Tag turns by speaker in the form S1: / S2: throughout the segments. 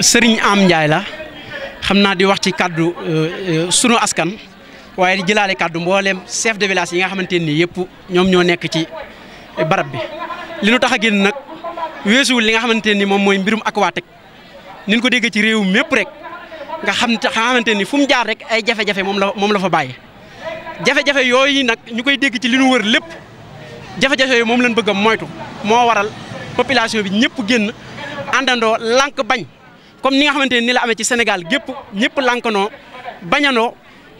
S1: sëriñ Am Ndiaye la xam naa di wax ci kàddu euh, euh, sunu askan waaye di jëlaale kàddu mbooleem chef de village yi nga xamante ni yëpp ñoom ñoo nekk ci barab bi. li nu tax génn nag weesuwul li nga xamante ni moom mooy mbirum Aquatech ni ñu ko déggee ci réew mépp rek nga xam te xamante ni fu mu jaar rek ay jafe-jafe moom la moom la fa bàyyi jafe-jafe yooyu nag ñu koy dégg ci li nu wër lépp jafe-jafe yooyu moom lañ bëgg a moytu moo waral population bi ñëpp génn àndandoo lànk bañ. comme ni nga xamante ni la amee ci Sénégal gépp ñëpp lànkanoo bañanoo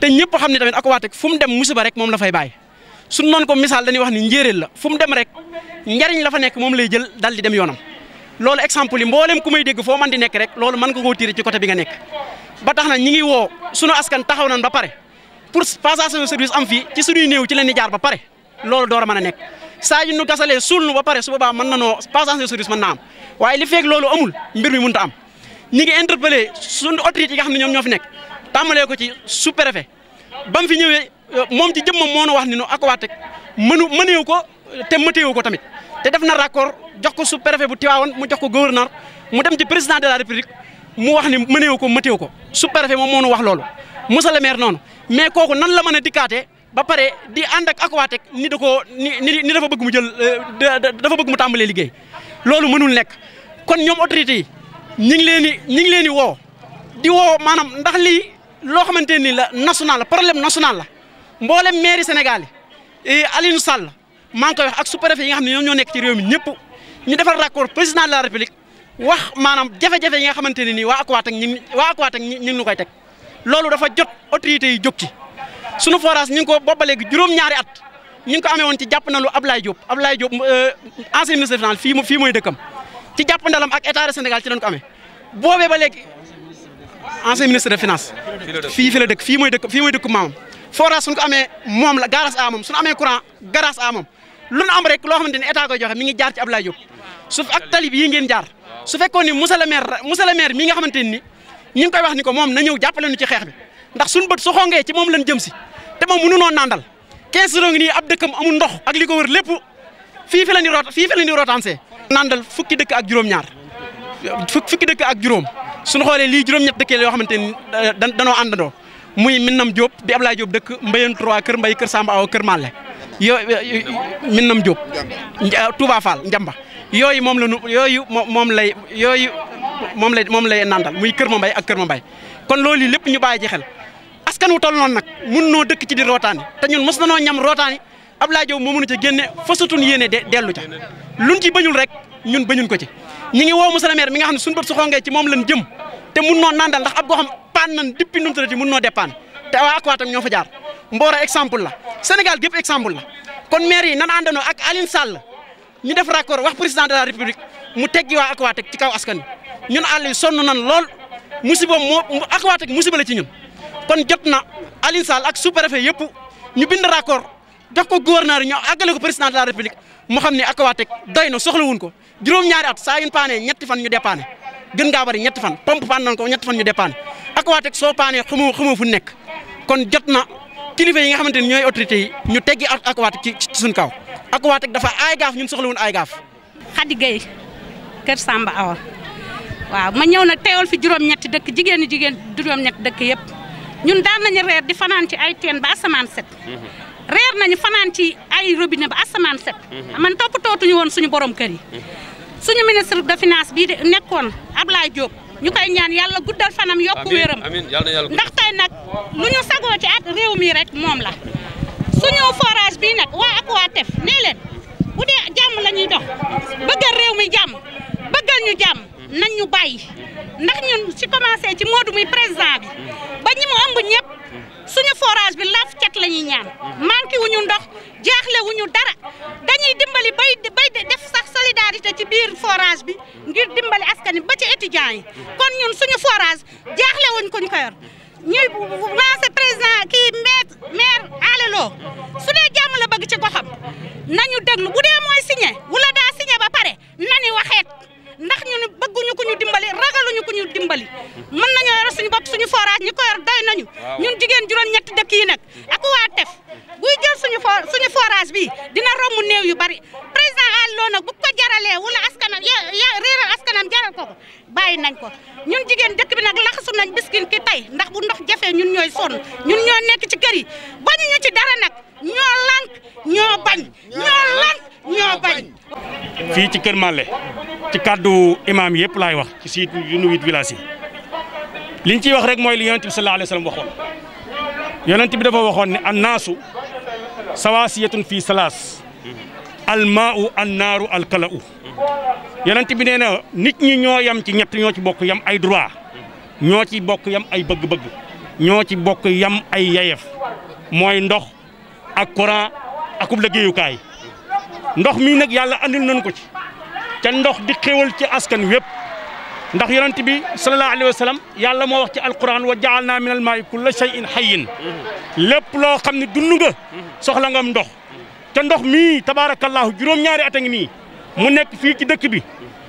S1: te ñëpp xam ne tamit ak waatek fu mu dem musiba rek moom la fay bàyyi suñ noonu ko misaal dañuy wax ni njéeréel la fu mu dem rek njariñ la fa nekk moom lay jël dal di dem yoonam loolu exemple yi mboolem ku may dégg foo mën di nekk rek loolu mën nga koo tiire ci côté bi nga nekk ba tax na ñi ngi woo sunu askan taxaw nañ ba pare pour passation de service am fii ci suñuy néew ci la ñuy jaar ba pare loolu doo mën a nekk saa yu nu ba pare su boobaa mën na noo passation de service na am waaye li feeg amul mbir mi mënut a am ñi ngi interpellé suñu autorité yi nga xam ne ñoom ñoo fi nekk tàmbalee ko ci sous préfet ba mu fi ñëwee euh, moom ci jëmmam moo nu wax ni nu Aquatech mënu mëneewu ko te mëteewu ko tamit te def na raccord jox ko sous préfet bu Tivaouane mu jox ko gouverneur mu dem ci président de la république mu wax ni mëneewu ko mëteewu ko sous préfet moom moo nu wax loolu monsieur le maire noonu mais kooku nan la mën a dikkaatee ba pare di ànd ak Aquatech ni da ko ni ni dafa bëgg mu jël euh, dafa bëgg mu tàmbalee liggéey loolu mënul nekk kon ñoom autorité ñi ngi leen di ñi leen di woo di woo maanaam ndax lii loo xamante ni la national la problème national la mboolem mairie Sénégal yi eh, Alioune Sall maa ngi koy wax ak sous-préfet yi nga xam ne ñoom ñoo nekk ci réew mi ñëpp ñu defar raccord président la république wax maanaam jafe-jafe yi nga xamante ne nii waa Aquatec ñu ngi waa Aquatec ñu ngi ñu koy teg loolu dafa jot autorités yi jóg ci sunu forage ñu ngi ko booba léegi juróom-ñaari at ñu ngi ko amee woon ci jàpp na lu Ablaye Diop Ablaye Diop euh, ancien ministre de finance fii fii mooy dëkkam ci jàpp ndalam ak état de Sénégal ci lañ ko amee boobee ba léegi ancien ministre de finance. fii fi la dëkk fii mooy dëkk fii mooy dëkk maamam forage suñ ko amee moom la grâce à moom suñu amee courant grâce lu nu am loo xamante ne état koy joxe mi ngi jaar ci Abdoulaye Diop su ak talib yi ngeen jaar su fekkoon ni monsieur le maire monsieur le maire mi nga xamante ni ñu ngi koy wax ni ko moom na ñëw jàppale nu ci xeex bi ndax suñu bët su xongee ci moom lañ jëm si te moom mënunoon nandal 15 jours ngi amul ndox ak li ko wër lépp fii fi la ñu root fii fi la ñu nandal fukki dëkk ak juróom-ñaar fukki dëkk ak juróom suñu xoolee lii juróom-ñett dëkkee la yoo xamante ni danoo àndandoo muy Minnam jóob bi Ablaye Diop dëkk Mbayeen 3 kër Mbay kër Samba Awa kër Malle yo Minnam Diop Touba Fall yooyu moom la nu yooyu moom lay yooyu moom lay moom lay nandal muy kër ma mbay ak kër ma mbay kon loolu lépp ñu bàyyi ci xel askan wu toll noonu nag mun noo dëkk ci di rootaani te ñun mos na noo ñam rootaani Abdoulaye Diop moo mënu ca génne fasatun yéene de dellu ca luñ ci bañul rek ñun bañun ko ci ñi ngi woo monsieur le maire mi nga xam ne suñu bët su xongee ci moom lañ jëm te mun noo nandal ndax ab goo xam paan nan dippi numu tarati mun noo dépaan te waa Aquatam ñoo fa jaar Mboro la Sénégal gépp exemple la kon maire yi nan àndanoo ak Aline Sall ñu def raccord wax président de la république mu teggi waa Aquatec ci kaw askan ñun àll sonn nan lool musiba moo Aquatec musiba la ci ñun kon jot na Aline Sall ak sous-préfet yëpp ñu bind raccord jox ko gouverneur ñoo àggale ko président de la république mu xam ne Aquatech doy na soxlawuñ ko juróom-ñaari at saa yuñ paanee ñetti fan ñu dépanne gën ngaa bari ñetti fan pompe paan nañ ko ñetti fan ñu dépanne Aquatech soo paanee xamoo xamoo fu nekk kon jot na kilifa yi nga xamante ni ñooy autorités yi ñu teggi Aquatech ci ci suñ kaw Aquatech dafa aay gaaf
S2: ñun soxlawuñ aay gaaf Khady Gueye Kër Samba Awa waaw ma ñëw nag teewal fi juróom-ñetti dëkk jigéen ñi jigéen juróom-ñetti dëkk yëpp ñun daan nañu reer di fanaan ci ay teen ba asamaan set mhm. reer nañu fanaan ci ay robinet ba asamaan set mhm. man toppatootuñu woon suñu borom kër yi mhm. suñu ministre de finance bii de nekkoon Ablaye Diop ñu koy ñaan yàlla guddal fanam yokku wéram ndax tey nag lu ñu sagoo ci at réew mi rek moom la suñu forage bii nag waa Aquatef nee leen bu dee jàmm lañuy ñuy dox bëggal réew mi jàmm bëggal ñu jàmm nañ ñu bàyyi ndax ñun ci commencé ci Modou muy président bi ba ñi mu ëmb ñëpp suñu forage bi laaf cat la ñuy ñaan manqué wuñu ndox jaaxle wuñu dara dañuy dimbali bay bay def sax solidarité ci biir forage bi ngir dimbali askan wi ba ci étudiants yi kon ñun suñu forage jaaxle wuñ ko ñu ko yor ñu président kii maire maire alelo su dee jàmm la bëgg ci goxam nañu déglu bu dee mooy signé wala daa signé ba pare nani waxeet ndax ñun dimbali ragaluñu ku ñu dimbali mën nañoo yor suñu bopp suñu forage ñi ko yor doy nañu ñun jigéen juróom-ñetti dëkk yi nag ak waa tef buy jël suñu for bi dina romb néew yu bari président Aliou Lo nag bu ko jaralee wala askanam ya réeral askanam jaral ko ko bàyyi nañ ko ñun jigéen dëkk bi nag laxasu nañ biskin ki tey ndax bu ndox jafee ñun ñooy sonn ñun ñoo nekk ci kër yi bañu ñu ci dara nag ñoo lànk ñoo bañ ñoo lànk ñoo bañ
S3: fii ci Kër Mallé ci kàddu imaam yëpp laay wax ci siit yu nu huit villages liñ ciy wax rek mooy li yonent bi sallallahu waxoon yonent bi dafa waxoon ne annaasu sawaasiyatun fii salaas almaau annaaru alkala'u yonent bi nee na nit ñi ñoo yam ci ñett ñoo ci bokk yam ay droit ñoo ci bokk yam ay bëgg-bëgg ñoo ci bokk yam ay yayef mooy ndox ak courant akub liggéeyukaay ndox mi nag yàlla andil nañ ko ci ca ndox di xéwal ci askan wépp ndax yonent bi sallallahu alayhi wa sallam yàlla moo wax ci alquran wa jaalna min al maa'i kulla shay'in xayin lépp loo xam ne dund nga soxla nga am ndox ca ndox mii tabaarakallaahu juróom-ñaari at ngi nii mu nekk fii ci dëkk bi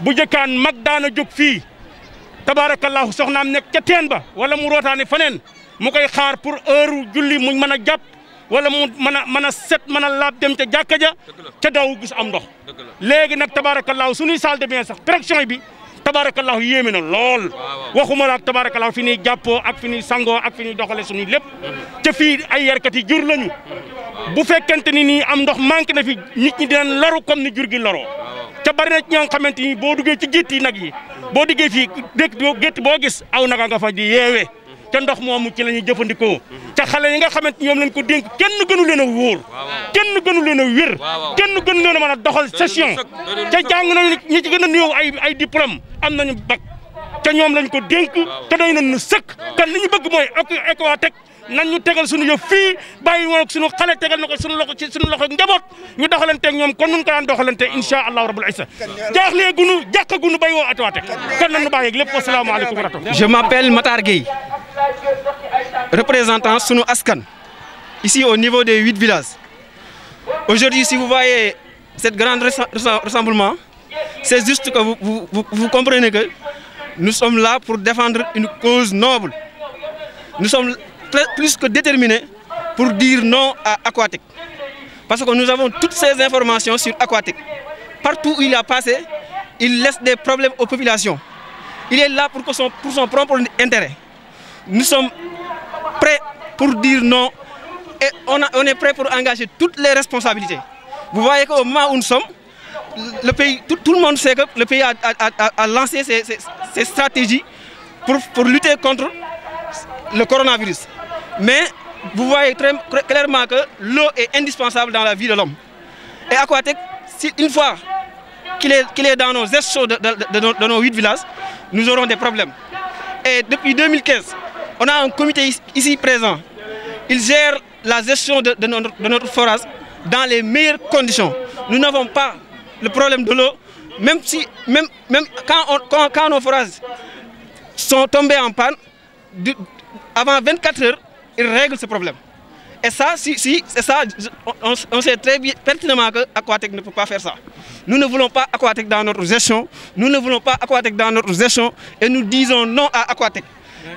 S3: bu jëkkaan mag daana jóg fii tabaarakallaahu soxnaam nekk ca teen ba wala mu rootaane faneen mu koy xaar pour heure julli mu mën a jàpp wala mu mën a mën a set mën a laab dem ca jàkka ja ca daw gis am ndox léegi nag tabaarakallaahu sunuy salle de bain sax pression bi tabaarakallaahu yéeme na lool waxuma la ak tabaarakallaahu fi ñuy jàppoo ak fi ñuy sangoo ak fi ñuy doxale suñuy lépp te mm-hmm. fii ay yarkat yi jur lañu mm-hmm. bu fekkente ni nii am ndox manqué na fi nit ñi dinañ laru comme ni jur gi laroo te bari na ñoo xamante ni boo duggee ci gétt yi nag yi boo duggee fii dëkk gétt boo gis aw naka nga fa di yeewe te ndox moo mu ci la ñuy jëfandikoo ca xale yi nga xamante ñoom lañ ko dénk kenn gënu leen a wóor kenn gënu leen a wér
S4: kenn gënu leen a mën a doxal session ca jàng nañu
S3: ñu ci gën a néew ay ay diplôme am nañu bac te ñoom lañ ko dénk te doy na nu sëkk kan li ñu bëgg mooy Aquatech nan ñu tegal suñu yëf fii bàyyi woon ak suñu xale tegal na ko suñu loxo ci suñu loxo njaboot ñu doxalanteeg ñoom kon nun ko daan doxalante insha allahu rabbul isa jaaxlee gunu jàkka gunu bay woo atuwaate kon nan nu bàyyeeg lépp wasalaamaaleykum wa rahmatullah je m'appelle
S4: Matar Gueye représentant askan ici au niveau des huit villages aujourd'hui si vous voyez cette grande rassemblement c'est juste que vous, vous, vous comprenez que nous sommes là pour défendre une cause noble plus que déterminés pour dire non à Aquatec. Parce que nous avons toutes ces informations sur Aquatec. Partout où il a passé, il laisse des problèmes aux populations. Il est là pour, que son, pour son propre intérêt. Nous sommes prêts pour dire non et on, pour engager toutes les responsabilités. Vous voyez qu'au moment où nous sommes, le pays, tout, tout, le monde sait que le pays a, lancé ses, stratégies pour, pour lutter contre le coronavirus. Mais vous voyez très clairement que l'eau est indispensable dans la vie de l'homme. Et Aquatec, si une fois qu'il est, qu est, dans nos gestions de, nos huit villages, nous aurons des problèmes. Et depuis 2015, on a un comité ici présent. Il gère la gestion de, notre, notre forage dans les meilleures conditions. Nous n'avons pas le problème de l'eau, même, si, même, même quand, on, nos forages sont tombés en panne, avant 24 heures, il règle ce problème. Et ça, si, si, ça on, on, sait très bien, pertinemment que Aquatec ne peut pas faire ça. Nous ne voulons pas Aquatec dans notre gestion, nous ne voulons pas Aquatec dans notre gestion et nous disons non à Aquatec.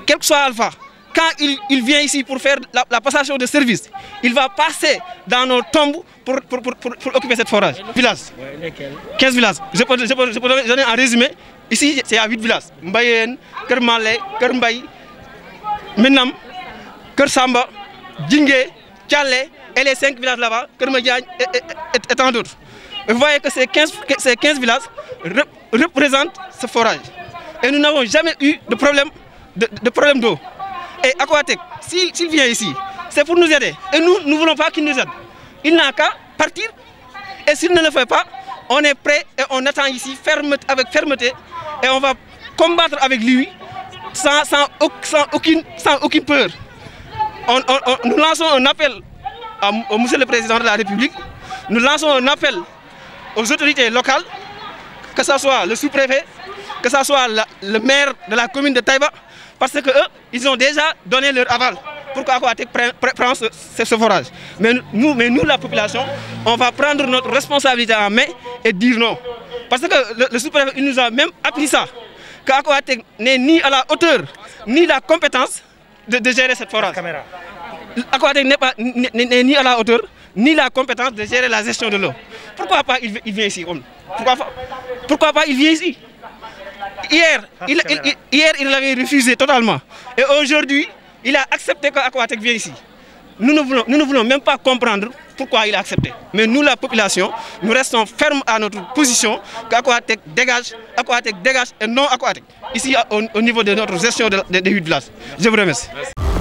S4: Quel que soit Alpha, quand il, vient ici pour faire la, la, passation de service, il va passer dans nos tombes pour, pour, pour, pour occuper cette forage. Village. Ouais, 15 villages. Je peux, je peux, je peux donner un résumé. Ici, c'est à 8 villages. Mbayen, Kermale, Kermbaï, Menam, Kër Samba Djingé Thialé et les cinq villages là-bas Kër Madiagne et, et, et, et tant que ces 15 ces 15 villages rep, représentent ce forage et nous n'avons jamais eu de problème de, problème d'eau et Aquatec s'il s'il vient ici c'est pour nous aider et nous nous voulons pas qu'il nous aide il n'a qu'à partir et s'il ne le fait pas on est prêt et on attend ici ferme avec fermeté et on va combattre avec lui sans sans sans sans aucune peur on, on, nous lançons un appel à, au Monsieur le Président de la République, nous lançons un appel aux autorités locales, que ce soit le sous-préfet, que ce soit la, le maire de la commune de Taïba, parce que eux, ils ont déjà donné leur aval pour qu'Aquatec prenne ce, ce, forage. Mais la population, on va prendre notre responsabilité en main et dire non. Parce que le, le sous-préfet, il nous a même appris ça, qu'Aquatec n'est ni à la hauteur, ni à la compétence de, de, gérer cette forage. Aquatec n'est ni à la hauteur, ni la compétence de gérer la gestion de l'eau. Pourquoi pas il, il vient ici pourquoi, pourquoi pas il vient ici Hier, il, il, hier, totalement. Et aujourd'hui, il a accepté qu'Aquatec vienne ici. Nous ne, voulons, nous ne voulons même pas comprendre pourquoi il a accepté. Mais nous, la population, nous restons fermes à notre position qu'Aquatec dégage, et non Aquatec. Ici, au, niveau de notre gestion de, de, de, Je vous
S2: remercie.